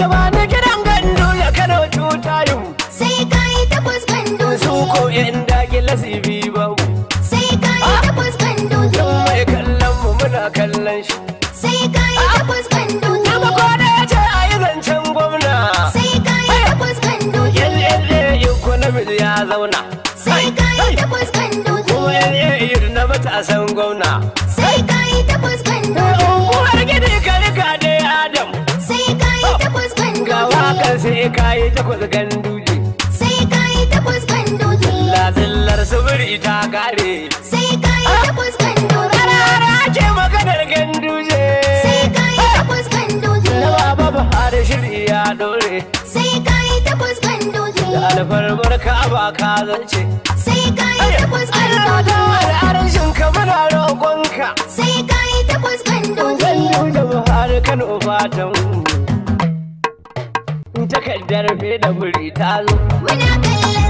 gaba na gidan gandu ya kano cuta yau sai ka yi takwas gandu su ko in dage lasibi ba sai ka yi takwas gandu yan mai kallon mu muna kallon shi sai ka yi takwas ah! gandu kuma ko da ya ce a yi zancen gwamna sai ka yi takwas gandu yan na economic ya zauna sai ka yi takwas gandu kuma yan yan na matasan gwamna sai ka yi takwas gandu sai kayi yi takwas ganduje sai kayi yi takwas ganduje lazillar subiri ita kare sai kayi yi takwas ganduje rara ce maganar ganduje sai ka yi takwas ganduje na baba bahar shiri ya dore sai kayi takwas ganduje da alfarmar ka ba ka zance sai ka yi takwas ganduje Allah ta al'arin shinka muna roƙonka sai ka yi takwas ganduje ganduje bahar kano fatan mu takardar mai da buri ta zo. Muna kallon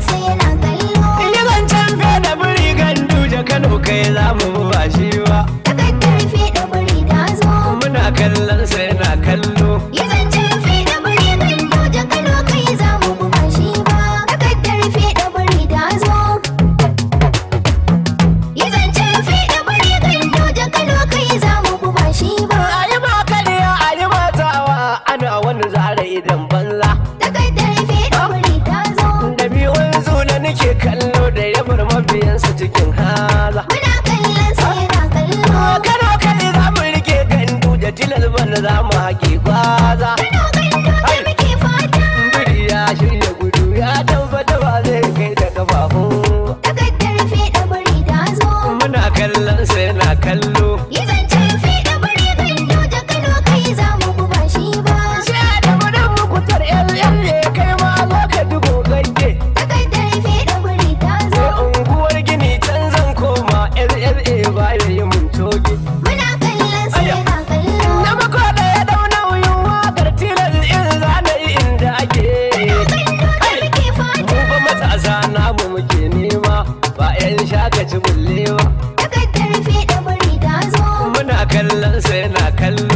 zuciyarsa cikin hala muna kallon ah, kano za mu rike gandu da tilal bana za mu haƙe kano biri ya shirya gudu ya tabbata ba zai kai takardar muna kallon yana kallo. ka ci bullewa. Takardar fiye da ta zo. Muna kallon sai na kallon.